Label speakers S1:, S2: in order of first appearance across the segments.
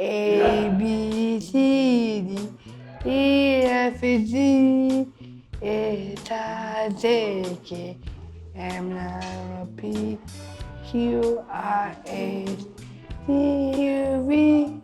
S1: A B C D E F G H I J K M N O P Q R S T U V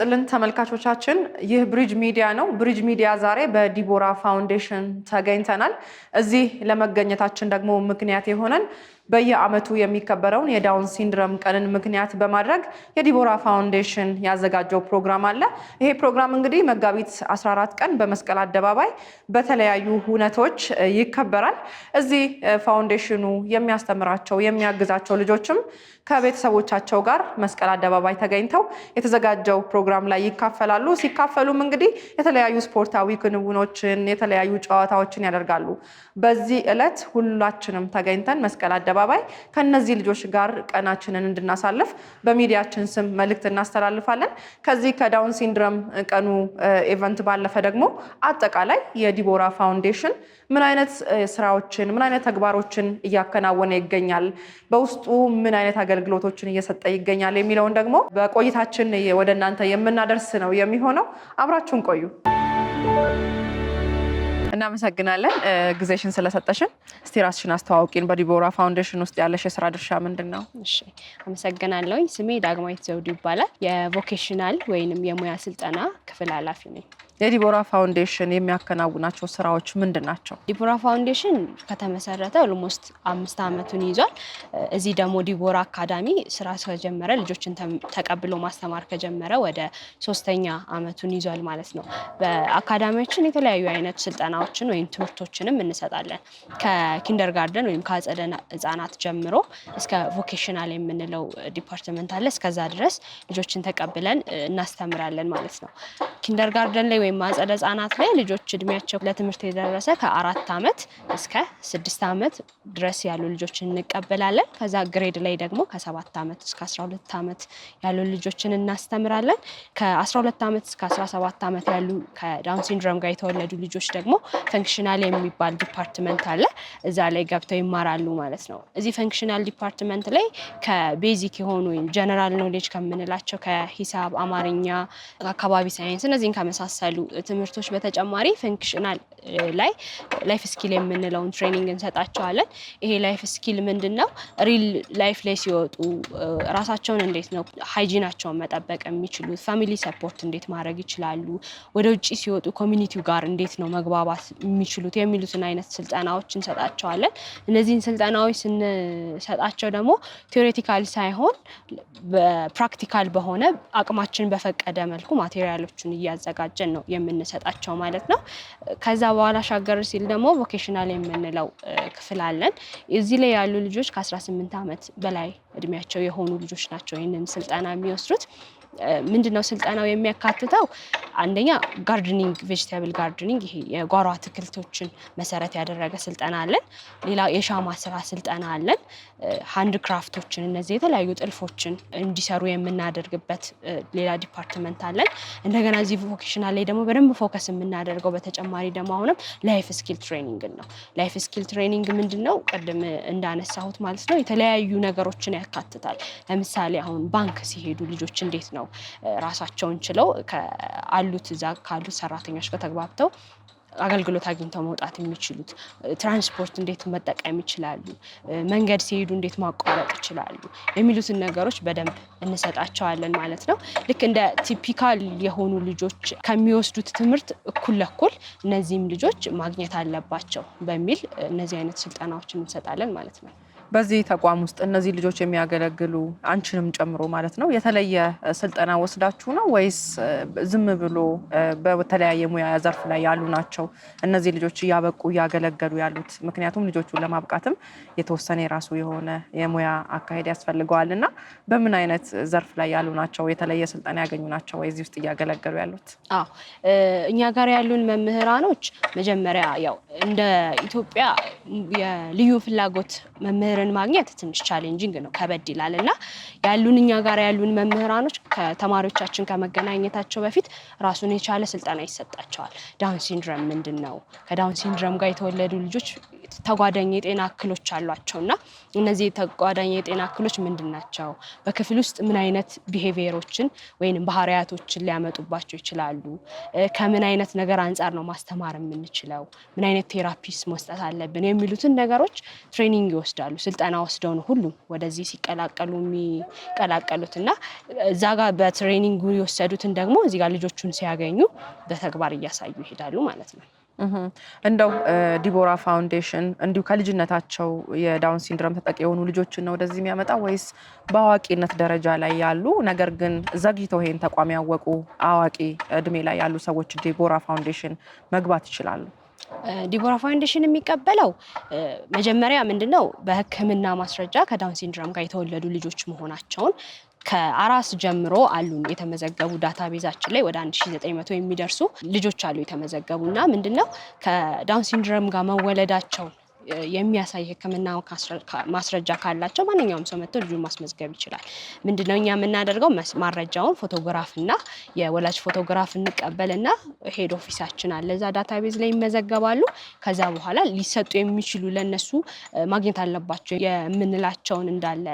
S1: ይስጥልን ተመልካቾቻችን፣ ይህ ብሪጅ ሚዲያ ነው። ብሪጅ ሚዲያ ዛሬ በዲቦራ ፋውንዴሽን ተገኝተናል። እዚህ ለመገኘታችን ደግሞ ምክንያት የሆነን በየዓመቱ የሚከበረውን የዳውን ሲንድረም ቀንን ምክንያት በማድረግ የዲቦራ ፋውንዴሽን ያዘጋጀው ፕሮግራም አለ። ይሄ ፕሮግራም እንግዲህ መጋቢት 14 ቀን በመስቀል አደባባይ በተለያዩ ሁነቶች ይከበራል። እዚህ ፋውንዴሽኑ የሚያስተምራቸው የሚያግዛቸው ልጆችም ከቤተሰቦቻቸው ጋር መስቀል አደባባይ ተገኝተው የተዘጋጀው ፕሮግራም ላይ ይካፈላሉ። ሲካፈሉም እንግዲህ የተለያዩ ስፖርታዊ ክንውኖችን የተለያዩ ጨዋታዎችን ያደርጋሉ። በዚህ ዕለት ሁላችንም ተገኝተን መስቀል አደባባይ አደባባይ ከነዚህ ልጆች ጋር ቀናችንን እንድናሳልፍ በሚዲያችን ስም መልእክት እናስተላልፋለን። ከዚህ ከዳውን ሲንድረም ቀኑ ኢቨንት ባለፈ ደግሞ አጠቃላይ የዲቦራ ፋውንዴሽን ምን አይነት ስራዎችን ምን አይነት ተግባሮችን እያከናወነ ይገኛል፣ በውስጡ ምን አይነት አገልግሎቶችን እየሰጠ ይገኛል የሚለውን ደግሞ በቆይታችን ወደ እናንተ የምናደርስ ነው የሚሆነው። አብራችሁን ቆዩ። እናመሰግናለን ጊዜሽን ስለሰጠሽን። እስቲ ራስሽን አስተዋውቂን። በዲቦራ ፋውንዴሽን ውስጥ ያለሽ የስራ ድርሻ ምንድን ነው?
S2: እሺ አመሰግናለሁኝ። ስሜ ዳግማዊት ዘውዱ ይባላል። የቮኬሽናል ወይንም የሙያ ስልጠና ክፍል ኃላፊ ነኝ። የዲቦራ ፋውንዴሽን የሚያከናውናቸው ስራዎች ምንድን ናቸው? ዲቦራ ፋውንዴሽን ከተመሰረተ ኦልሞስት አምስት ዓመቱን ይዟል። እዚህ ደግሞ ዲቦራ አካዳሚ ስራ ከጀመረ ልጆችን ተቀብሎ ማስተማር ከጀመረ ወደ ሶስተኛ ዓመቱን ይዟል ማለት ነው። በአካዳሚዎችን የተለያዩ አይነት ስልጠናዎች ስልጠናዎችን ወይም ትምህርቶችንም እንሰጣለን። ከኪንደር ጋርደን ወይም ከአጸደ ህጻናት ጀምሮ እስከ ቮኬሽናል የምንለው ዲፓርትመንት አለ። እስከዛ ድረስ ልጆችን ተቀብለን እናስተምራለን ማለት ነው። ኪንደር ጋርደን ላይ ወይም አጸደ ህጻናት ላይ ልጆች እድሜያቸው ለትምህርት የደረሰ ከአራት ዓመት እስከ ስድስት ዓመት ድረስ ያሉ ልጆችን እንቀበላለን። ከዛ ግሬድ ላይ ደግሞ ከሰባት ዓመት እስከ አስራ ሁለት ዓመት ያሉ ልጆችን እናስተምራለን። ከአስራ ሁለት ዓመት እስከ አስራ ሰባት ዓመት ያሉ ከዳውን ሲንድሮም ጋር የተወለዱ ልጆች ደግሞ ፈንክሽናል የሚባል ዲፓርትመንት አለ። እዛ ላይ ገብተው ይማራሉ ማለት ነው። እዚህ ፈንክሽናል ዲፓርትመንት ላይ ከቤዚክ የሆኑ ጀነራል ኖሌጅ ከምንላቸው ከሂሳብ፣ አማርኛ፣ አካባቢ ሳይንስ እነዚህን ከመሳሰሉ ትምህርቶች በተጨማሪ ፈንክሽናል eh, ላይ ላይፍ ስኪል የምንለውን ትሬኒንግ እንሰጣቸዋለን። ይሄ ላይፍ ስኪል ምንድን ነው? ሪል ላይፍ ላይ ሲወጡ eh, ራሳቸውን እንዴት ነው ሃይጂናቸውን መጠበቅ የሚችሉት፣ ፋሚሊ ሰፖርት እንዴት ማድረግ ይችላሉ፣ ወደ ውጭ ሲወጡ ኮሚኒቲው ጋር እንዴት ነው መግባባት የሚችሉት የሚሉትን አይነት ስልጠናዎች እንሰጣቸዋለን። እነዚህን ስልጠናዎች ስንሰጣቸው ደግሞ ቴዎሬቲካል ሳይሆን ፕራክቲካል በሆነ አቅማችን በፈቀደ መልኩ ማቴሪያሎችን እያዘጋጀን ነው የምንሰጣቸው ማለት ነው። ከዛ በኋላ ሻገር ሲል ደግሞ ቮኬሽናል የምንለው ክፍል አለን። እዚህ ላይ ያሉ ልጆች ከ18 ዓመት በላይ እድሜያቸው የሆኑ ልጆች ናቸው ይህንን ስልጠና የሚወስዱት። ምንድነው ስልጠናው የሚያካትተው? አንደኛ ጋርድኒንግ፣ ቬጅቴብል ጋርድኒንግ ይሄ የጓሮ አትክልቶችን መሰረት ያደረገ ስልጠና አለን። ሌላ የሻማ ስራ ስልጠና አለን። ሃንድ ክራፍቶችን እነዚህ የተለያዩ ጥልፎችን እንዲሰሩ የምናደርግበት ሌላ ዲፓርትመንት አለን። እንደገና እዚህ ቮኬሽናል ላይ ደግሞ በደንብ ፎከስ የምናደርገው በተጨማሪ ደግሞ አሁንም ላይፍ ስኪል ትሬኒንግን ነው። ላይፍ ስኪል ትሬኒንግ ምንድን ነው? ቅድም እንዳነሳሁት ማለት ነው የተለያዩ ነገሮችን ያካትታል። ለምሳሌ አሁን ባንክ ሲሄዱ ልጆች እንዴት ነው ነው ራሳቸውን ችለው አሉት እዛ ካሉት ሰራተኞች ጋር ተግባብተው አገልግሎት አግኝተው መውጣት የሚችሉት ትራንስፖርት እንዴት መጠቀም ይችላሉ፣ መንገድ ሲሄዱ እንዴት ማቋረጥ ይችላሉ የሚሉትን ነገሮች በደንብ እንሰጣቸዋለን ማለት ነው። ልክ እንደ ቲፒካል የሆኑ ልጆች ከሚወስዱት ትምህርት እኩል ለኩል እነዚህም ልጆች ማግኘት አለባቸው በሚል እነዚህ አይነት ስልጠናዎችን እንሰጣለን
S1: ማለት ነው። በዚህ ተቋም ውስጥ እነዚህ ልጆች የሚያገለግሉ አንቺንም ጨምሮ ማለት ነው የተለየ ስልጠና ወስዳችሁ ነው ወይስ ዝም ብሎ በተለያየ ሙያ ዘርፍ ላይ ያሉ ናቸው እነዚህ ልጆች እያበቁ እያገለገሉ ያሉት? ምክንያቱም ልጆቹን ለማብቃትም የተወሰነ የራሱ የሆነ የሙያ አካሄድ ያስፈልገዋል እና በምን አይነት ዘርፍ ላይ ያሉ ናቸው? የተለየ ስልጠና ያገኙ ናቸው ወይ እዚህ ውስጥ እያገለገሉ ያሉት?
S2: አዎ እኛ ጋር ያሉን መምህራኖች መጀመሪያ ያው እንደ ኢትዮጵያ የልዩ ፍላጎት መምህር መምህርን ማግኘት ትንሽ ቻሌንጂንግ ነው፣ ከበድ ይላል እና ያሉን እኛ ጋር ያሉን መምህራኖች ከተማሪዎቻችን ከመገናኘታቸው በፊት ራሱን የቻለ ስልጠና ይሰጣቸዋል። ዳውን ሲንድረም ምንድን ነው? ከዳውን ሲንድረም ጋር የተወለዱ ልጆች ተጓዳኝ የጤና እክሎች አሏቸው እና እነዚህ ተጓዳኝ የጤና እክሎች ምንድን ናቸው? በክፍል ውስጥ ምን አይነት ቢሄቪየሮችን ወይም ባህሪያቶችን ሊያመጡባቸው ይችላሉ? ከምን አይነት ነገር አንጻር ነው ማስተማር የምንችለው? ምን አይነት ቴራፒስ መስጠት አለብን? የሚሉትን ነገሮች ትሬኒንግ ይወስዳሉ። ስልጠና ወስደው ነው ሁሉም ወደዚህ ሲቀላቀሉ የሚቀላቀሉት እና እዛ ጋር በትሬኒንጉ የወሰዱትን ደግሞ እዚህ ጋር ልጆቹን ሲያገኙ በተግባር እያሳዩ ይሄዳሉ ማለት ነው።
S1: እንደው ዲቦራ ፋውንዴሽን እንዲሁ ከልጅነታቸው የዳውን ሲንድረም ተጠቂ የሆኑ ልጆችን ነው ወደዚህ የሚያመጣ ወይስ በአዋቂነት ደረጃ ላይ ያሉ ነገር ግን ዘግይተው ይሄን ተቋም ያወቁ አዋቂ እድሜ ላይ ያሉ ሰዎች ዲቦራ ፋውንዴሽን መግባት ይችላሉ?
S2: ዲቦራ ፋውንዴሽን የሚቀበለው መጀመሪያ ምንድነው በህክምና ማስረጃ ከዳውን ሲንድሮም ጋር የተወለዱ ልጆች መሆናቸውን ከአራስ ጀምሮ አሉን የተመዘገቡ ዳታቤዛችን ላይ ወደ 1900 የሚደርሱ ልጆች አሉ የተመዘገቡ እና ምንድነው ከዳውን ሲንድሮም ጋር መወለዳቸው የሚያሳይ ሕክምና ማስረጃ ካላቸው ማንኛውም ሰው መጥቶ ልጁን ማስመዝገብ ይችላል። ምንድነው እኛ የምናደርገው ማረጃውን ፎቶግራፍና የወላጅ ፎቶግራፍ እንቀበልና ሄድ ኦፊሳችን አለ እዛ ዳታቤዝ ላይ ይመዘገባሉ። ከዛ በኋላ ሊሰጡ የሚችሉ ለነሱ ማግኘት አለባቸው የምንላቸውን እንዳለ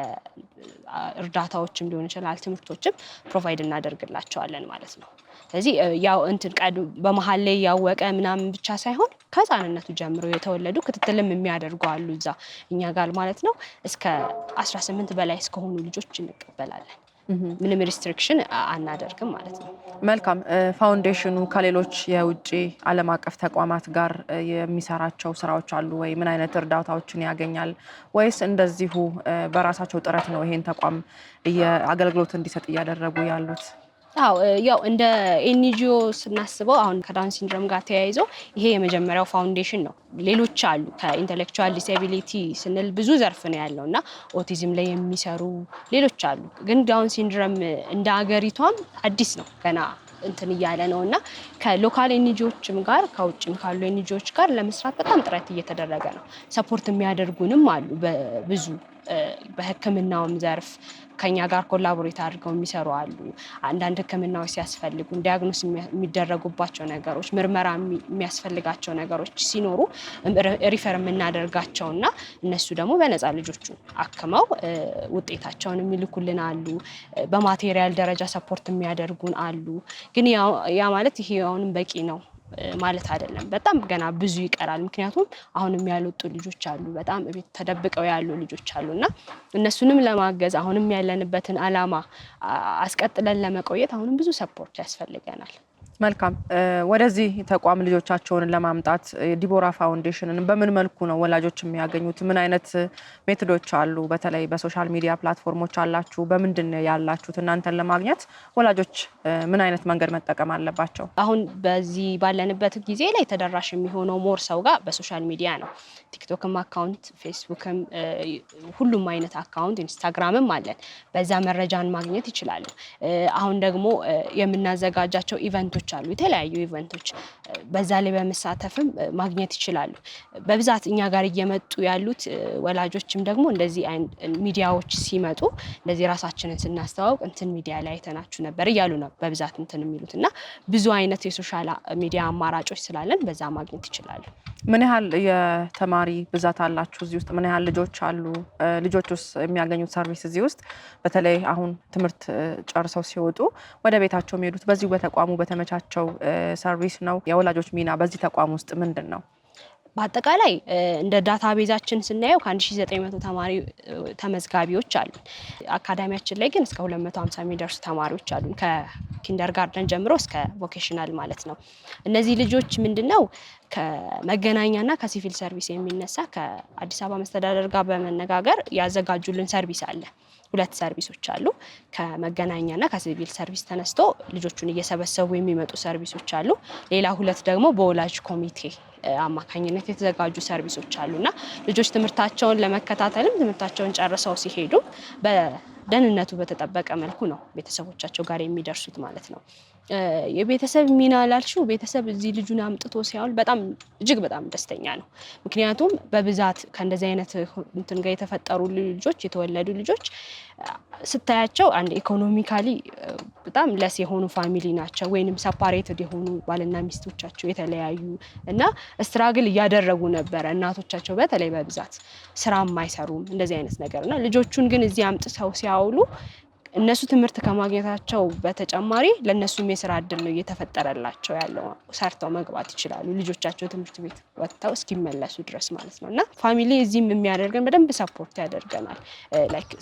S2: እርዳታዎችም ሊሆን ይችላል ትምህርቶችም ፕሮቫይድ እናደርግላቸዋለን ማለት ነው። ስለዚህ ያው እንትን ቀድ በመሀል ላይ ያወቀ ምናምን ብቻ ሳይሆን ከህፃንነቱ ጀምሮ የተወለዱ ክትትልም የሚያደርጉ አሉ እዛ እኛ ጋር ማለት ነው። እስከ 18 በላይ እስከሆኑ ልጆች እንቀበላለን። ምንም ሪስትሪክሽን አናደርግም ማለት ነው።
S1: መልካም። ፋውንዴሽኑ ከሌሎች የውጭ ዓለም አቀፍ ተቋማት ጋር የሚሰራቸው ስራዎች አሉ ወይ? ምን አይነት እርዳታዎችን ያገኛል? ወይስ እንደዚሁ በራሳቸው ጥረት ነው ይሄን ተቋም አገልግሎት እንዲሰጥ እያደረጉ ያሉት? አዎ ያው እንደ
S2: ኤንጂኦ ስናስበው አሁን ከዳውን ሲንድሮም ጋር ተያይዞ ይሄ የመጀመሪያው ፋውንዴሽን ነው። ሌሎች አሉ። ከኢንተሌክቹዋል ዲስኤቢሊቲ ስንል ብዙ ዘርፍ ነው ያለው እና ኦቲዝም ላይ የሚሰሩ ሌሎች አሉ። ግን ዳውን ሲንድሮም እንደ ሀገሪቷም አዲስ ነው ገና እንትን እያለ ነው እና ከሎካል ኤንጂዎችም ጋር ከውጭም ካሉ ኤንጂዎች ጋር ለመስራት በጣም ጥረት እየተደረገ ነው። ሰፖርት የሚያደርጉንም አሉ ብዙ በሕክምናውም ዘርፍ ከኛ ጋር ኮላቦሬት አድርገው የሚሰሩ አሉ። አንዳንድ ሕክምናዎች ሲያስፈልጉ ዲያግኖስ የሚደረጉባቸው ነገሮች፣ ምርመራ የሚያስፈልጋቸው ነገሮች ሲኖሩ ሪፈር የምናደርጋቸው እና እነሱ ደግሞ በነፃ ልጆቹ አክመው ውጤታቸውን የሚልኩልን አሉ። በማቴሪያል ደረጃ ሰፖርት የሚያደርጉን አሉ። ግን ያ ማለት ይሄ አሁንም በቂ ነው ማለት አይደለም። በጣም ገና ብዙ ይቀራል። ምክንያቱም አሁንም ያልወጡ ልጆች አሉ፣ በጣም እቤት ተደብቀው ያሉ ልጆች አሉ እና እነሱንም ለማገዝ አሁንም ያለንበትን አላማ አስቀጥለን ለመቆየት አሁንም ብዙ ሰፖርት ያስፈልገናል።
S1: መልካም ወደዚህ ተቋም ልጆቻቸውን ለማምጣት ዲቦራ ፋውንዴሽንን በምን መልኩ ነው ወላጆች የሚያገኙት? ምን አይነት ሜትዶች አሉ? በተለይ በሶሻል ሚዲያ ፕላትፎርሞች አላችሁ? በምንድን ያላችሁት? እናንተን ለማግኘት ወላጆች ምን አይነት መንገድ መጠቀም አለባቸው? አሁን
S2: በዚህ ባለንበት ጊዜ ላይ ተደራሽ የሚሆነው ሞር ሰው ጋር በሶሻል ሚዲያ ነው። ቲክቶክም አካውንት፣ ፌስቡክም፣ ሁሉም አይነት አካውንት ኢንስታግራምም አለን። በዛ መረጃን ማግኘት ይችላሉ። አሁን ደግሞ የምናዘጋጃቸው ኢቨንቶች ኢቨንቶች አሉ፣ የተለያዩ ኢቨንቶች በዛ ላይ በመሳተፍም ማግኘት ይችላሉ። በብዛት እኛ ጋር እየመጡ ያሉት ወላጆችም ደግሞ እንደዚህ ሚዲያዎች ሲመጡ እንደዚህ ራሳችንን ስናስተዋውቅ እንትን ሚዲያ ላይ አይተናችሁ ነበር እያሉ ነው በብዛት እንትን የሚሉት እና ብዙ አይነት የሶሻል ሚዲያ አማራጮች ስላለን በዛ ማግኘት ይችላሉ። ምን ያህል የተማሪ
S1: ብዛት አላችሁ እዚህ ውስጥ? ምን ያህል ልጆች አሉ? ልጆች ውስጥ የሚያገኙት ሰርቪስ እዚህ ውስጥ በተለይ አሁን ትምህርት ጨርሰው ሲወጡ ወደ ቤታቸው የሚሄዱት በዚሁ በተቋሙ በተመቻ የሚሰጣቸው ሰርቪስ ነው። የወላጆች ሚና በዚህ ተቋም ውስጥ ምንድን ነው? በአጠቃላይ እንደ
S2: ዳታ ቤዛችን ስናየው ከ1900 ተማሪ ተመዝጋቢዎች አሉ። አካዳሚያችን ላይ ግን እስከ 250 የሚደርሱ ተማሪዎች አሉ ከኪንደር ጋርደን ጀምሮ እስከ ቮኬሽናል ማለት ነው። እነዚህ ልጆች ምንድነው ከመገናኛና ከሲቪል ሰርቪስ የሚነሳ ከአዲስ አበባ መስተዳደር ጋር በመነጋገር ያዘጋጁልን ሰርቪስ አለ። ሁለት ሰርቪሶች አሉ። ከመገናኛና ከሲቪል ሰርቪስ ተነስቶ ልጆቹን እየሰበሰቡ የሚመጡ ሰርቪሶች አሉ። ሌላ ሁለት ደግሞ በወላጅ ኮሚቴ አማካኝነት የተዘጋጁ ሰርቪሶች እና ልጆች ትምህርታቸውን ለመከታተልም ትምህርታቸውን ጨርሰው ሲሄዱ በደህንነቱ በተጠበቀ መልኩ ነው ቤተሰቦቻቸው ጋር የሚደርሱት ማለት ነው። የቤተሰብ ሚና ላልሽው ቤተሰብ እዚህ ልጁን አምጥቶ ሲያውል በጣም እጅግ በጣም ደስተኛ ነው። ምክንያቱም በብዛት ከእንደዚህ አይነት እንትን ጋር የተፈጠሩ ልጆች የተወለዱ ልጆች ስታያቸው አንድ ኢኮኖሚካሊ በጣም ለስ የሆኑ ፋሚሊ ናቸው፣ ወይንም ሰፓሬትድ የሆኑ ባልና ሚስቶቻቸው የተለያዩ እና ስትራግል እያደረጉ ነበረ። እናቶቻቸው በተለይ በብዛት ስራም አይሰሩም እንደዚህ አይነት ነገር እና ልጆቹን ግን እዚህ አምጥተው ሲያውሉ እነሱ ትምህርት ከማግኘታቸው በተጨማሪ ለእነሱም የስራ እድል ነው እየተፈጠረላቸው ያለው። ሰርተው መግባት ይችላሉ፣ ልጆቻቸው ትምህርት ቤት ወጥተው እስኪመለሱ ድረስ ማለት ነው። እና ፋሚሊ እዚህም የሚያደርገን በደንብ ሰፖርት ያደርገናል።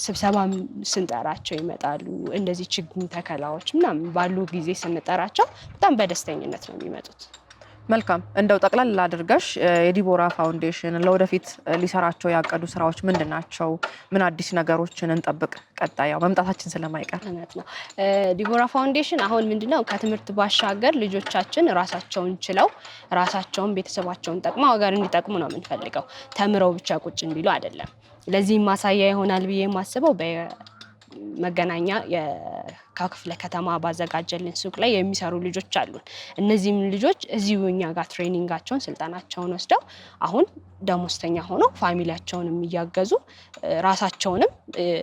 S2: ስብሰባ ስንጠራቸው ይመጣሉ። እንደዚህ ችግኝ ተከላዎች ምናምን ባሉ ጊዜ ስንጠራቸው በጣም በደስተኝነት ነው የሚመጡት።
S1: መልካም እንደው ጠቅላል አድርገሽ የዲቦራ ፋውንዴሽን ለወደፊት ሊሰራቸው ያቀዱ ስራዎች ምንድን ናቸው? ምን አዲስ ነገሮችን እንጠብቅ? ቀጣይ ያው መምጣታችን ስለማይቀር
S2: እውነት ነው። ዲቦራ ፋውንዴሽን አሁን ምንድነው ከትምህርት ባሻገር ልጆቻችን ራሳቸውን ችለው ራሳቸውን ቤተሰባቸውን ጠቅመው ሀገር እንዲጠቅሙ ነው የምንፈልገው። ተምረው ብቻ ቁጭ እንዲሉ አይደለም። ለዚህ ማሳያ ይሆናል ብዬ የማስበው በመገናኛ ከክፍለ ከተማ ባዘጋጀልን ሱቅ ላይ የሚሰሩ ልጆች አሉን። እነዚህም ልጆች እዚሁ እኛ ጋር ትሬኒንጋቸውን ስልጠናቸውን ወስደው አሁን ደሞዝተኛ ሆነው ፋሚሊያቸውን እያገዙ ራሳቸውንም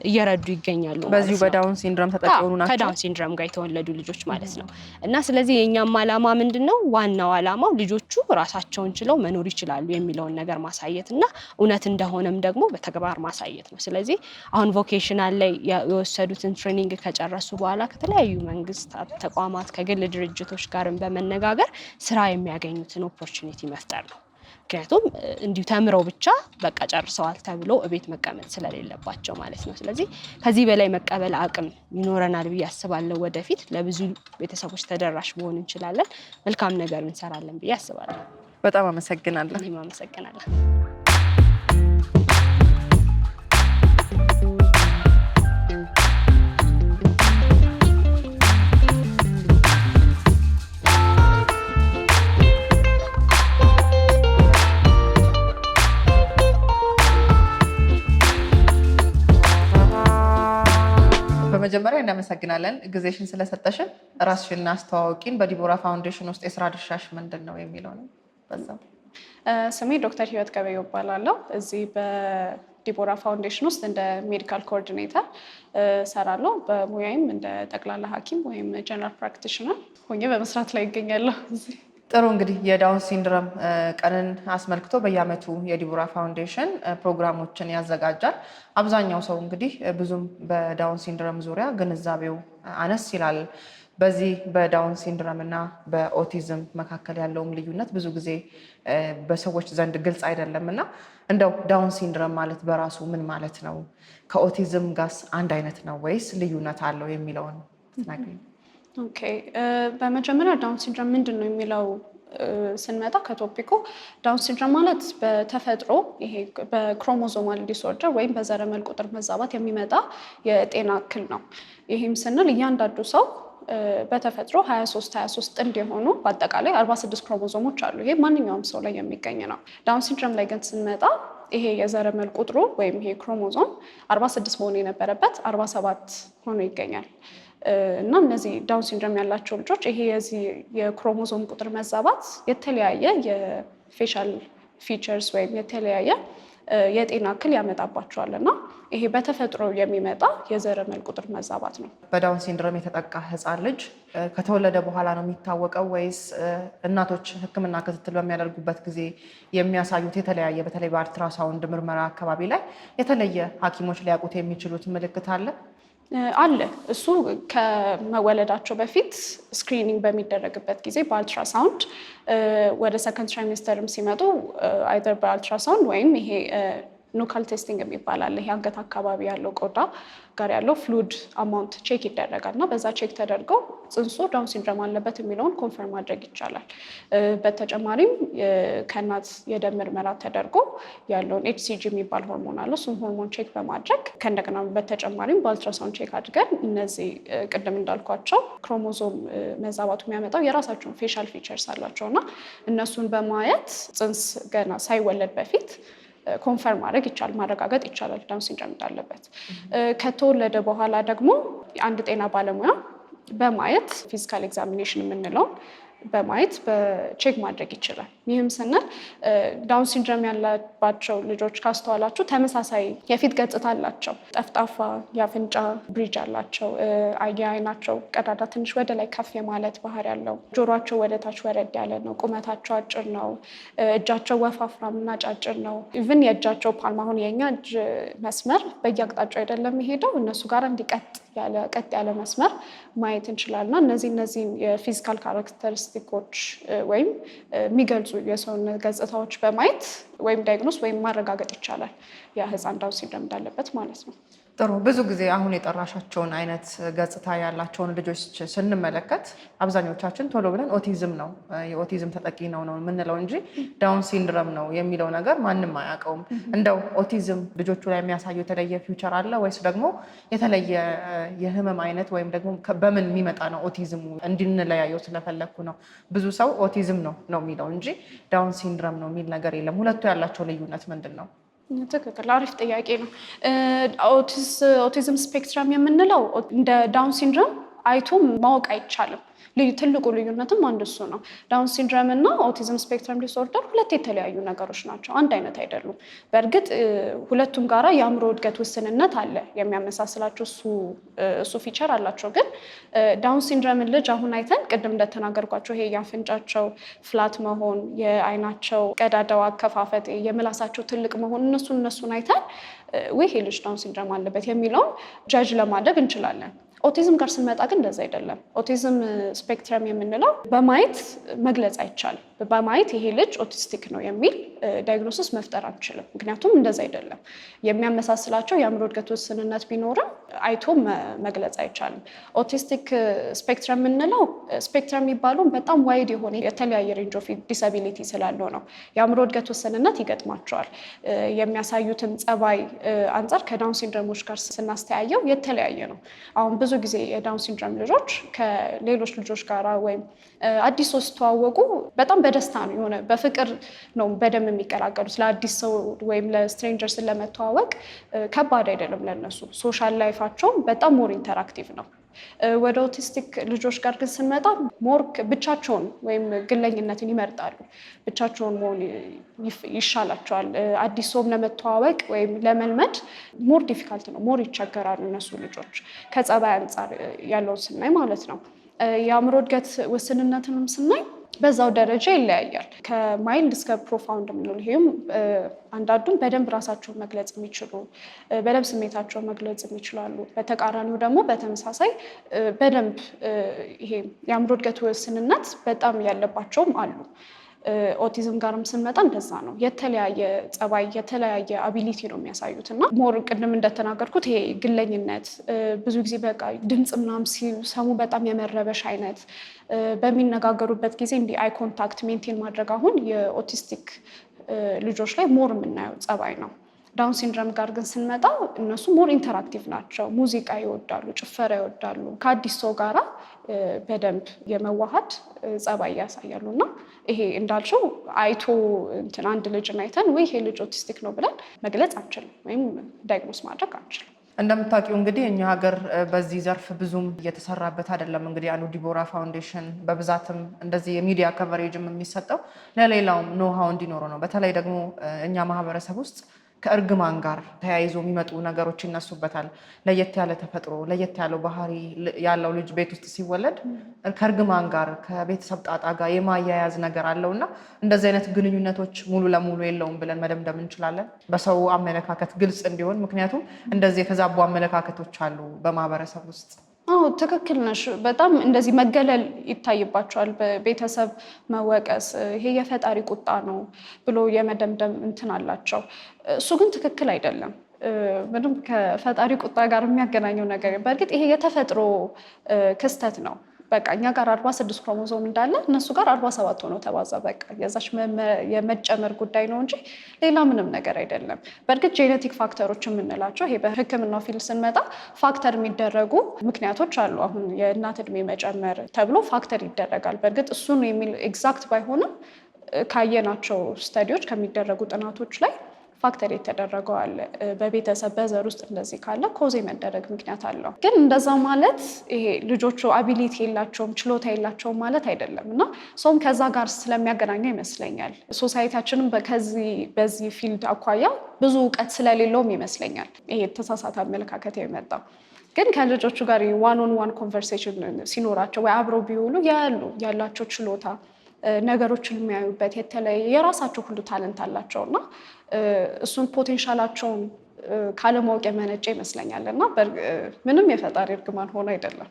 S2: እየረዱ ይገኛሉ። በዚሁ በዳውን ሲንድረም ተጠቀሙ ናቸው። ከዳውን ሲንድረም ጋር የተወለዱ ልጆች ማለት ነው። እና ስለዚህ የእኛም አላማ ምንድን ነው? ዋናው አላማው ልጆቹ ራሳቸውን ችለው መኖር ይችላሉ የሚለውን ነገር ማሳየት እና እውነት እንደሆነም ደግሞ በተግባር ማሳየት ነው። ስለዚህ አሁን ቮኬሽናል ላይ የወሰዱትን ትሬኒንግ ከጨረሱ በኋላ በኋላ ከተለያዩ መንግስት ተቋማት ከግል ድርጅቶች ጋርም በመነጋገር ስራ የሚያገኙትን ኦፖርቹኒቲ መፍጠር ነው። ምክንያቱም እንዲሁ ተምረው ብቻ በቃ ጨርሰዋል ተብሎ እቤት መቀመጥ ስለሌለባቸው ማለት ነው። ስለዚህ ከዚህ በላይ መቀበል አቅም ይኖረናል ብዬ አስባለሁ። ወደፊት ለብዙ ቤተሰቦች ተደራሽ መሆን እንችላለን። መልካም ነገር እንሰራለን ብዬ አስባለሁ።
S1: በጣም አመሰግናለሁ። እኔም አመሰግናለሁ። መጀመሪያ እናመሰግናለን ጊዜሽን ስለሰጠሽን። ራስሽን አስተዋወቂን። በዲቦራ ፋውንዴሽን ውስጥ የስራ ድርሻሽ ምንድን ነው የሚለው ነው።
S3: ስሜ ዶክተር ህይወት ገበየው እባላለሁ። እዚህ በዲቦራ ፋውንዴሽን ውስጥ እንደ ሜዲካል ኮኦርዲኔተር እሰራለሁ። በሙያዬም እንደ ጠቅላላ ሐኪም ወይም ጀነራል ፕራክቲሽነር ሆኜ በመስራት ላይ ይገኛለሁ።
S1: ጥሩ እንግዲህ የዳውን ሲንድረም ቀንን አስመልክቶ በየዓመቱ የዲቦራ ፋውንዴሽን ፕሮግራሞችን ያዘጋጃል። አብዛኛው ሰው እንግዲህ ብዙም በዳውን ሲንድረም ዙሪያ ግንዛቤው አነስ ይላል። በዚህ በዳውን ሲንድረም እና በኦቲዝም መካከል ያለውም ልዩነት ብዙ ጊዜ በሰዎች ዘንድ ግልጽ አይደለም እና እንደው ዳውን ሲንድረም ማለት በራሱ ምን ማለት ነው? ከኦቲዝም ጋስ አንድ አይነት ነው ወይስ ልዩነት አለው የሚለውን
S3: ኦኬ በመጀመሪያ ዳውን ሲንድሮም ምንድን ነው የሚለው ስንመጣ ከቶፒኩ ዳውን ሲንድሮም ማለት በተፈጥሮ ይሄ በክሮሞዞማል ዲስኦርደር ወይም በዘረመል ቁጥር መዛባት የሚመጣ የጤና እክል ነው። ይህም ስንል እያንዳንዱ ሰው በተፈጥሮ 23 23 ጥንድ የሆኑ በአጠቃላይ 46 ክሮሞዞሞች አሉ። ይሄ ማንኛውም ሰው ላይ የሚገኝ ነው። ዳውን ሲንድሮም ላይ ግን ስንመጣ ይሄ የዘረመል ቁጥሩ ወይም ይሄ ክሮሞዞም 46 መሆን የነበረበት 47 ሆኖ ይገኛል። እና እነዚህ ዳውን ሲንድሮም ያላቸው ልጆች ይሄ የዚህ የክሮሞዞም ቁጥር መዛባት የተለያየ የፌሻል ፊቸርስ ወይም የተለያየ የጤና እክል ያመጣባቸዋል እና ይሄ በተፈጥሮ የሚመጣ የዘረመል ቁጥር መዛባት ነው። በዳውን ሲንድሮም የተጠቃ
S1: ህፃን ልጅ ከተወለደ በኋላ ነው የሚታወቀው ወይስ እናቶች ሕክምና ክትትል በሚያደርጉበት ጊዜ የሚያሳዩት የተለያየ በተለይ በአልትራሳውንድ ምርመራ አካባቢ ላይ የተለየ ሐኪሞች ሊያውቁት የሚችሉት ምልክት አለ?
S3: አለ እሱ ከመወለዳቸው በፊት ስክሪኒንግ በሚደረግበት ጊዜ በአልትራሳውንድ ወደ ሰከንድ ትራይሚስተርም ሲመጡ አይተር በአልትራሳውንድ ወይም ይሄ ኖካል ቴስቲንግ የሚባላለ የአንገት አካባቢ ያለው ቆዳ ጋር ያለው ፍሉድ አማውንት ቼክ ይደረጋል እና በዛ ቼክ ተደርገው ጽንሶ ዳውን ሲንድረም አለበት የሚለውን ኮንፈርም ማድረግ ይቻላል። በተጨማሪም ከእናት የደም ምርመራ ተደርጎ ያለውን ኤችሲጂ የሚባል ሆርሞን አለ። እሱም ሆርሞን ቼክ በማድረግ ከእንደገና በተጨማሪም በአልትራሳውንድ ቼክ አድርገን እነዚህ ቅድም እንዳልኳቸው ክሮሞዞም መዛባቱ የሚያመጣው የራሳቸውን ፌሻል ፊቸርስ አላቸው እና እነሱን በማየት ጽንስ ገና ሳይወለድ በፊት ኮንፈርም ማድረግ ይቻላል፣ ማረጋገጥ ይቻላል ዳውን ሲንድሮም እንዳለበት። ከተወለደ በኋላ ደግሞ አንድ ጤና ባለሙያ በማየት ፊዚካል ኤግዛሚኔሽን የምንለውን በማየት በቼክ ማድረግ ይችላል። ይህም ስንል ዳውን ሲንድረም ያለባቸው ልጆች ካስተዋላችሁ ተመሳሳይ የፊት ገጽታ አላቸው። ጠፍጣፋ የአፍንጫ ብሪጅ አላቸው። የዓይናቸው ቀዳዳ ትንሽ ወደ ላይ ከፍ የማለት ባህሪ ያለው፣ ጆሯቸው ወደ ታች ወረድ ያለ ነው። ቁመታቸው አጭር ነው። እጃቸው ወፋፍራም እና ጫጭር ነው። ኢቭን የእጃቸው ፓልም አሁን የኛ እጅ መስመር በየአቅጣጫው አይደለም የሄደው እነሱ ጋር እንዲቀጥ ቀጥ ያለ መስመር ማየት እንችላልና እነዚህ እነዚህን የፊዚካል ካራክተሪስቲኮች ወይም የሚገልጹ የሰውነት ገጽታዎች በማየት ወይም ዳይግኖስ ወይም ማረጋገጥ ይቻላል ያ ህፃን ዳውን ሲንድሮም እንዳለበት
S1: ማለት ነው። ጥሩ ብዙ ጊዜ አሁን የጠራሻቸውን አይነት ገጽታ ያላቸውን ልጆች ስንመለከት አብዛኞቻችን ቶሎ ብለን ኦቲዝም ነው የኦቲዝም ተጠቂ ነው ነው የምንለው እንጂ ዳውን ሲንድረም ነው የሚለው ነገር ማንም አያውቀውም። እንደው ኦቲዝም ልጆቹ ላይ የሚያሳየው የተለየ ፊውቸር አለ ወይስ ደግሞ የተለየ የህመም አይነት ወይም ደግሞ በምን የሚመጣ ነው ኦቲዝሙ እንድንለያየው ስለፈለግኩ ነው። ብዙ ሰው ኦቲዝም ነው ነው የሚለው እንጂ ዳውን ሲንድረም ነው የሚል ነገር የለም። ሁለቱ ያላቸው ልዩነት ምንድን ነው? ትክክል። አሪፍ ጥያቄ ነው።
S3: ኦቲዝም ስፔክትረም የምንለው እንደ ዳውን ሲንድሮም አይቶ ማወቅ አይቻልም። ልዩ ትልቁ ልዩነትም አንድ እሱ ነው። ዳውን ሲንድረም እና ኦቲዝም ስፔክትረም ዲስኦርደር ሁለት የተለያዩ ነገሮች ናቸው፣ አንድ አይነት አይደሉም። በእርግጥ ሁለቱም ጋራ የአእምሮ እድገት ውስንነት አለ፣ የሚያመሳስላቸው እሱ ፊቸር አላቸው። ግን ዳውን ሲንድረምን ልጅ አሁን አይተን ቅድም እንደተናገርኳቸው ይሄ የአፍንጫቸው ፍላት መሆን፣ የአይናቸው ቀዳዳው አከፋፈት፣ የምላሳቸው ትልቅ መሆን እነሱን እነሱን አይተን ይሄ ልጅ ዳውን ሲንድረም አለበት የሚለውን ጃጅ ለማድረግ እንችላለን። ኦቲዝም ጋር ስንመጣ ግን እንደዛ አይደለም። ኦቲዝም ስፔክትረም የምንለው በማየት መግለጽ አይቻልም። በማየት ይሄ ልጅ ኦቲስቲክ ነው የሚል ዳይግኖሲስ መፍጠር አንችልም። ምክንያቱም እንደዛ አይደለም። የሚያመሳስላቸው የአእምሮ እድገት ውስንነት ቢኖርም አይቶ መግለጽ አይቻልም። ኦቲስቲክ ስፔክትረም የምንለው ስፔክትረም የሚባለውን በጣም ዋይድ የሆነ የተለያየ ሬንጅ ኦፍ ዲስአቢሊቲ ስላለው ነው። የአእምሮ እድገት ውስንነት ይገጥማቸዋል። የሚያሳዩትን ጸባይ አንጻር ከዳውን ሲንድሮሞች ጋር ስናስተያየው የተለያየ ነው። አሁን ብዙ ብዙ ጊዜ የዳውን ሲንድሮም ልጆች ከሌሎች ልጆች ጋር ወይም አዲስ ሰው ሲተዋወቁ በጣም በደስታ ነው የሆነ በፍቅር ነው በደም የሚቀላቀሉት። ለአዲስ ሰው ወይም ለስትሬንጀርስን ለመተዋወቅ ከባድ አይደለም ለነሱ። ሶሻል ላይፋቸውም በጣም ሞር ኢንተራክቲቭ ነው። ወደ ኦቲስቲክ ልጆች ጋር ግን ስንመጣ ሞርክ ብቻቸውን ወይም ግለኝነትን ይመርጣሉ። ብቻቸውን መሆን ይሻላቸዋል። አዲስ ሰውም ለመተዋወቅ ወይም ለመልመድ ሞር ዲፊካልት ነው፣ ሞር ይቸገራሉ እነሱ ልጆች ከጸባይ አንጻር ያለውን ስናይ ማለት ነው። የአእምሮ እድገት ውስንነትንም ስናይ በዛው ደረጃ ይለያያል። ከማይልድ እስከ ፕሮፋውንድ የምንለው ይሄም አንዳንዱም በደንብ ራሳቸውን መግለጽ የሚችሉ በደንብ ስሜታቸውን መግለጽ የሚችላሉ። በተቃራኒው ደግሞ በተመሳሳይ በደንብ ይሄ የአእምሮ እድገት ውስንነት በጣም ያለባቸውም አሉ። ኦቲዝም ጋርም ስንመጣ እንደዛ ነው። የተለያየ ጸባይ፣ የተለያየ አቢሊቲ ነው የሚያሳዩት እና ሞር ቅድም እንደተናገርኩት ይሄ ግለኝነት ብዙ ጊዜ በቃ ድምፅ ምናምን ሲሰሙ በጣም የመረበሽ አይነት በሚነጋገሩበት ጊዜ እንዲህ አይ ኮንታክት ሜንቴን ማድረግ አሁን የኦቲስቲክ ልጆች ላይ ሞር የምናየው ጸባይ ነው። ዳውን ሲንድረም ጋር ግን ስንመጣ እነሱ ሞር ኢንተራክቲቭ ናቸው። ሙዚቃ ይወዳሉ፣ ጭፈራ ይወዳሉ። ከአዲስ ሰው ጋራ በደንብ የመዋሃድ ጸባይ ያሳያሉ እና ይሄ እንዳልሽው አይቶ እንትን አንድ ልጅን አይተን ወይ ይሄ ልጅ ኦቲስቲክ ነው ብለን መግለጽ አንችልም ወይም ዳይግኖስ ማድረግ አንችልም።
S1: እንደምታውቂው እንግዲህ እኛ ሀገር በዚህ ዘርፍ ብዙም እየተሰራበት አይደለም። እንግዲህ አንዱ ዲቦራ ፋውንዴሽን በብዛትም እንደዚህ የሚዲያ ከቨሬጅም የሚሰጠው ለሌላውም ኖሃው እንዲኖሩ ነው። በተለይ ደግሞ እኛ ማህበረሰብ ውስጥ ከእርግማን ጋር ተያይዞ የሚመጡ ነገሮች ይነሱበታል። ለየት ያለ ተፈጥሮ፣ ለየት ያለው ባህሪ ያለው ልጅ ቤት ውስጥ ሲወለድ ከእርግማን ጋር ከቤተሰብ ጣጣ ጋር የማያያዝ ነገር አለው እና እንደዚህ አይነት ግንኙነቶች ሙሉ ለሙሉ የለውም ብለን መደምደም እንችላለን። በሰው አመለካከት ግልጽ እንዲሆን ምክንያቱም እንደዚህ የተዛቡ አመለካከቶች አሉ በማህበረሰብ ውስጥ አዎ ትክክል ነሽ።
S3: በጣም እንደዚህ መገለል ይታይባቸዋል። በቤተሰብ መወቀስ ይሄ የፈጣሪ ቁጣ ነው ብሎ የመደምደም እንትን አላቸው። እሱ ግን ትክክል አይደለም። ምንም ከፈጣሪ ቁጣ ጋር የሚያገናኘው ነገር በእርግጥ ይሄ የተፈጥሮ ክስተት ነው። በቃ እኛ ጋር አርባ ስድስት ክሮሞዞም እንዳለ እነሱ ጋር አርባ ሰባት ሆኖ ተባዛ። በቃ የዛች የመጨመር ጉዳይ ነው እንጂ ሌላ ምንም ነገር አይደለም። በእርግጥ ጄኔቲክ ፋክተሮች የምንላቸው ይሄ በሕክምናው ፊልድ ስንመጣ ፋክተር የሚደረጉ ምክንያቶች አሉ። አሁን የእናት እድሜ መጨመር ተብሎ ፋክተር ይደረጋል። በእርግጥ እሱን የሚል ኤግዛክት ባይሆንም ካየናቸው ስተዲዎች ከሚደረጉ ጥናቶች ላይ ፋክተር የተደረገዋል። በቤተሰብ በዘር ውስጥ እንደዚህ ካለ ኮዝ የመደረግ ምክንያት አለው። ግን እንደዛ ማለት ይሄ ልጆቹ አቢሊቲ የላቸውም ችሎታ የላቸውም ማለት አይደለም እና ሰውም ከዛ ጋር ስለሚያገናኘው ይመስለኛል ሶሳይቲያችንም ከዚህ በዚህ ፊልድ አኳያ ብዙ እውቀት ስለሌለውም ይመስለኛል ይሄ ተሳሳተ አመለካከት የመጣው ግን ከልጆቹ ጋር ዋን ኦን ዋን ኮንቨርሴሽን ሲኖራቸው ወይ አብረው ቢውሉ ያሉ ያላቸው ችሎታ ነገሮችን የሚያዩበት የተለየ የራሳቸው ሁሉ ታለንት አላቸው እና እሱን ፖቴንሻላቸውን ካለማወቅ የመነጨ ይመስለኛል እና ምንም የፈጣሪ እርግማን ሆኖ አይደለም።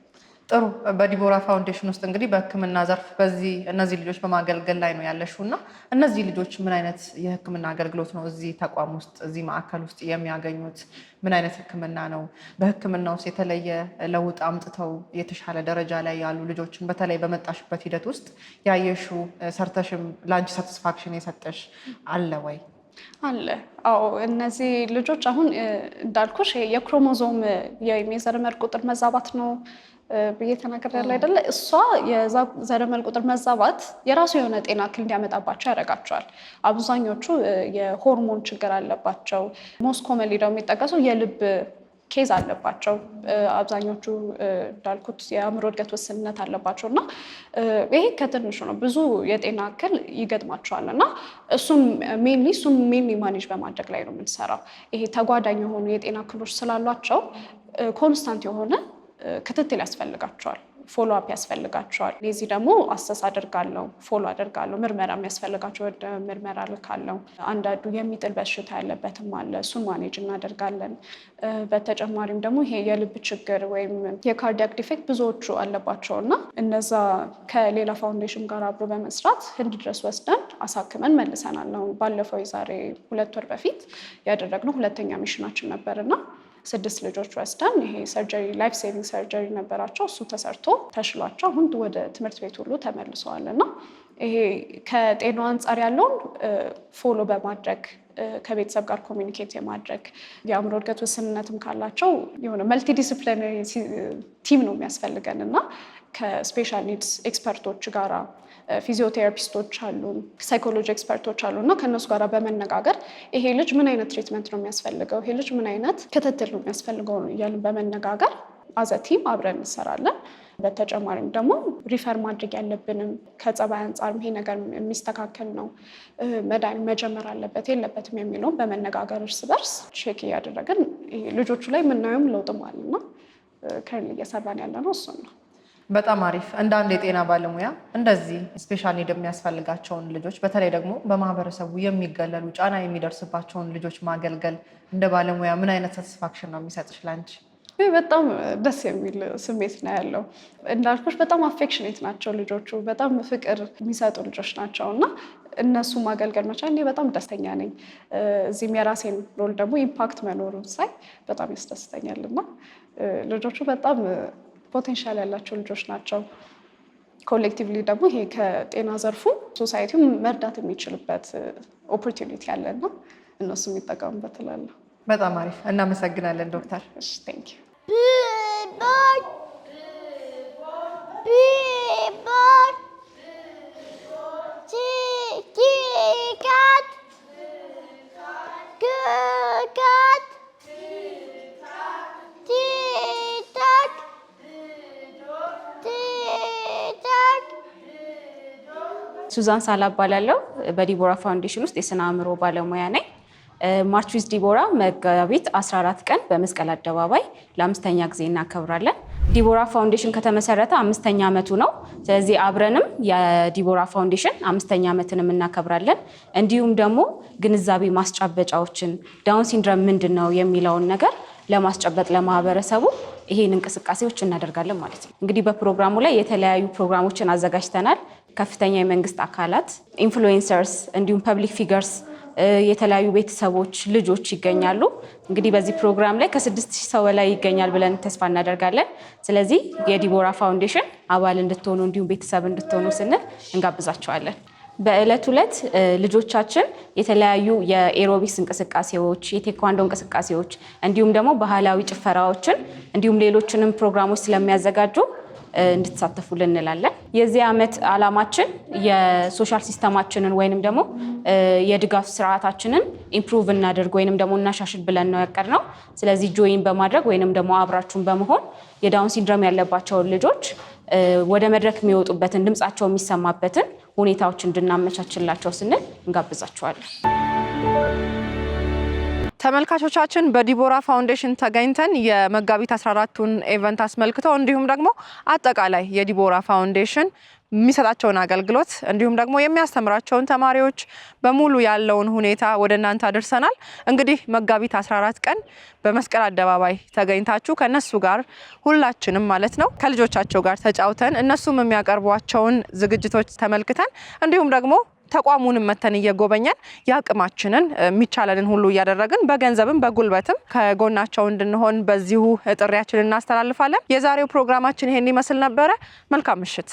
S3: ጥሩ
S1: በዲቦራ ፋውንዴሽን ውስጥ እንግዲህ በህክምና ዘርፍ በዚህ እነዚህ ልጆች በማገልገል ላይ ነው ያለሽው እና እነዚህ ልጆች ምን አይነት የህክምና አገልግሎት ነው እዚህ ተቋም ውስጥ እዚህ ማዕከል ውስጥ የሚያገኙት? ምን አይነት ህክምና ነው? በህክምና ውስጥ የተለየ ለውጥ አምጥተው የተሻለ ደረጃ ላይ ያሉ ልጆችን በተለይ በመጣሽበት ሂደት ውስጥ ያየሽው ሰርተሽም ለአንቺ ሳቲስፋክሽን የሰጠሽ አለ ወይ? አለ። አዎ እነዚህ
S3: ልጆች አሁን እንዳልኩሽ የክሮሞዞም የሜዘር ቁጥር መዛባት ነው ብዬ ተናገር ያለ አይደለ? እሷ የዘረመል ቁጥር መዛባት የራሱ የሆነ ጤና እክል እንዲያመጣባቸው ያደርጋቸዋል። አብዛኞቹ የሆርሞን ችግር አለባቸው። ሞስት ኮመንሊ ደግሞ የሚጠቀሰው የልብ ኬዝ አለባቸው። አብዛኞቹ እንዳልኩት የአእምሮ እድገት ውስንነት አለባቸው እና ይሄ ከትንሹ ነው። ብዙ የጤና እክል ይገጥማቸዋል እና እሱም ሜንሊ እሱም ሜንሊ ማኔጅ በማድረግ ላይ ነው የምንሰራው። ይሄ ተጓዳኝ የሆኑ የጤና እክሎች ስላሏቸው ኮንስታንት የሆነ ክትትል ያስፈልጋቸዋል፣ ፎሎ አፕ ያስፈልጋቸዋል። እነዚህ ደግሞ አሰስ አደርጋለሁ፣ ፎሎ አደርጋለሁ። ምርመራ የሚያስፈልጋቸው ወደ ምርመራ ልካለሁ። አንዳንዱ የሚጥል በሽታ ያለበትም አለ፣ እሱን ማኔጅ እናደርጋለን። በተጨማሪም ደግሞ ይሄ የልብ ችግር ወይም የካርዲያክ ዲፌክት ብዙዎቹ አለባቸው እና እነዛ ከሌላ ፋውንዴሽን ጋር አብሮ በመስራት ህንድ ድረስ ወስደን አሳክመን መልሰናል። ነው ባለፈው የዛሬ ሁለት ወር በፊት ያደረግነው ሁለተኛ ሚሽናችን ነበር እና ስድስት ልጆች ወስደን ይሄ ሰርጀሪ ላይፍ ሴቪንግ ሰርጀሪ ነበራቸው። እሱ ተሰርቶ ተሽሏቸው አሁን ወደ ትምህርት ቤት ሁሉ ተመልሰዋል እና ይሄ ከጤና አንጻር ያለውን ፎሎ በማድረግ ከቤተሰብ ጋር ኮሚኒኬት የማድረግ የአእምሮ እድገት ውስንነትም ካላቸው የሆነ መልቲ ቲም ነው የሚያስፈልገን እና ከስፔሻል ኒድስ ኤክስፐርቶች ጋራ ፊዚዮቴራፒስቶች አሉ ሳይኮሎጂ ኤክስፐርቶች አሉ እና ከእነሱ ጋር በመነጋገር ይሄ ልጅ ምን አይነት ትሪትመንት ነው የሚያስፈልገው፣ ይሄ ልጅ ምን አይነት ክትትል ነው የሚያስፈልገው እያልን በመነጋገር አዘቲም አብረን እንሰራለን። በተጨማሪም ደግሞ ሪፈር ማድረግ ያለብንም ከጸባይ አንጻር ይሄ ነገር የሚስተካከል ነው መድኃኒት መጀመር አለበት የለበትም የሚለውን በመነጋገር እርስ በርስ ቼክ እያደረግን ልጆቹ ላይ የምናየውም ለውጥም አለና ከርን እየሰራን ያለ ነው እሱን ነው። በጣም አሪፍ። እንደ አንድ የጤና
S1: ባለሙያ እንደዚህ ስፔሻል ኒድ የሚያስፈልጋቸውን ልጆች በተለይ ደግሞ በማህበረሰቡ የሚገለሉ ጫና የሚደርስባቸውን ልጆች ማገልገል እንደ ባለሙያ ምን አይነት ሳቲስፋክሽን ነው የሚሰጥሽ ላንቺ? በጣም ደስ የሚል ስሜት ነው ያለው።
S3: እንዳልኩሽ በጣም አፌክሽኔት ናቸው ልጆቹ፣ በጣም ፍቅር የሚሰጡ ልጆች ናቸው እና እነሱ ማገልገል መቻል እኔ በጣም ደስተኛ ነኝ። እዚህም የራሴን ሮል ደግሞ ኢምፓክት መኖሩን ሳይ በጣም ያስደስተኛል እና ልጆቹ በጣም ፖቴንሻል ያላቸው ልጆች ናቸው። ኮሌክቲቭሊ ደግሞ ይሄ ከጤና ዘርፉ ሶሳይቲው መርዳት የሚችልበት ኦፖርቹኒቲ ያለና እነሱ የሚጠቀሙበት እላለሁ። በጣም አሪፍ እናመሰግናለን ዶክተር።
S2: ሱዛን ሳላ እባላለሁ። በዲቦራ ፋውንዴሽን ውስጥ የስነ አእምሮ ባለሙያ ነኝ። ማርች ዊዝ ዲቦራ መጋቢት 14 ቀን በመስቀል አደባባይ ለአምስተኛ ጊዜ እናከብራለን። ዲቦራ ፋውንዴሽን ከተመሰረተ አምስተኛ ዓመቱ ነው። ስለዚህ አብረንም የዲቦራ ፋውንዴሽን አምስተኛ ዓመትንም እናከብራለን። እንዲሁም ደግሞ ግንዛቤ ማስጨበጫዎችን ዳውን ሲንድረም ምንድን ነው የሚለውን ነገር ለማስጨበጥ ለማህበረሰቡ ይሄን እንቅስቃሴዎች እናደርጋለን ማለት ነው። እንግዲህ በፕሮግራሙ ላይ የተለያዩ ፕሮግራሞችን አዘጋጅተናል። ከፍተኛ የመንግስት አካላት፣ ኢንፍሉዌንሰርስ፣ እንዲሁም ፐብሊክ ፊገርስ፣ የተለያዩ ቤተሰቦች፣ ልጆች ይገኛሉ። እንግዲህ በዚህ ፕሮግራም ላይ ከስድስት ሺህ ሰው በላይ ይገኛል ብለን ተስፋ እናደርጋለን። ስለዚህ የዲቦራ ፋውንዴሽን አባል እንድትሆኑ እንዲሁም ቤተሰብ እንድትሆኑ ስንል እንጋብዛቸዋለን። በዕለት ዕለት ልጆቻችን የተለያዩ የኤሮቢክስ እንቅስቃሴዎች፣ የቴኳንዶ እንቅስቃሴዎች እንዲሁም ደግሞ ባህላዊ ጭፈራዎችን እንዲሁም ሌሎችንም ፕሮግራሞች ስለሚያዘጋጁ እንድትሳተፉልን እንላለን። የዚህ ዓመት ዓላማችን የሶሻል ሲስተማችንን ወይንም ደግሞ የድጋፍ ስርዓታችንን ኢምፕሩቭ እናደርግ ወይንም ደግሞ እናሻሽል ብለን ነው ነው። ስለዚህ ጆይን በማድረግ ወይንም ደግሞ አብራችሁን በመሆን የዳውን ሲንድሮም ያለባቸውን ልጆች ወደ መድረክ የሚወጡበትን ድምፃቸው የሚሰማበትን ሁኔታዎች እንድናመቻችላቸው ስንል እንጋብዛችኋለን።
S1: ተመልካቾቻችን በዲቦራ ፋውንዴሽን ተገኝተን የመጋቢት 14ቱን ኤቨንት አስመልክተው እንዲሁም ደግሞ አጠቃላይ የዲቦራ ፋውንዴሽን የሚሰጣቸውን አገልግሎት እንዲሁም ደግሞ የሚያስተምራቸውን ተማሪዎች በሙሉ ያለውን ሁኔታ ወደ እናንተ አድርሰናል። እንግዲህ መጋቢት 14 ቀን በመስቀል አደባባይ ተገኝታችሁ ከነሱ ጋር ሁላችንም ማለት ነው ከልጆቻቸው ጋር ተጫውተን እነሱም የሚያቀርቧቸውን ዝግጅቶች ተመልክተን እንዲሁም ደግሞ ተቋሙንም መተን እየጎበኘን የአቅማችንን የሚቻለንን ሁሉ እያደረግን በገንዘብም በጉልበትም ከጎናቸው እንድንሆን በዚሁ ጥሪያችን እናስተላልፋለን። የዛሬው ፕሮግራማችን ይሄን ይመስል ነበረ። መልካም ምሽት።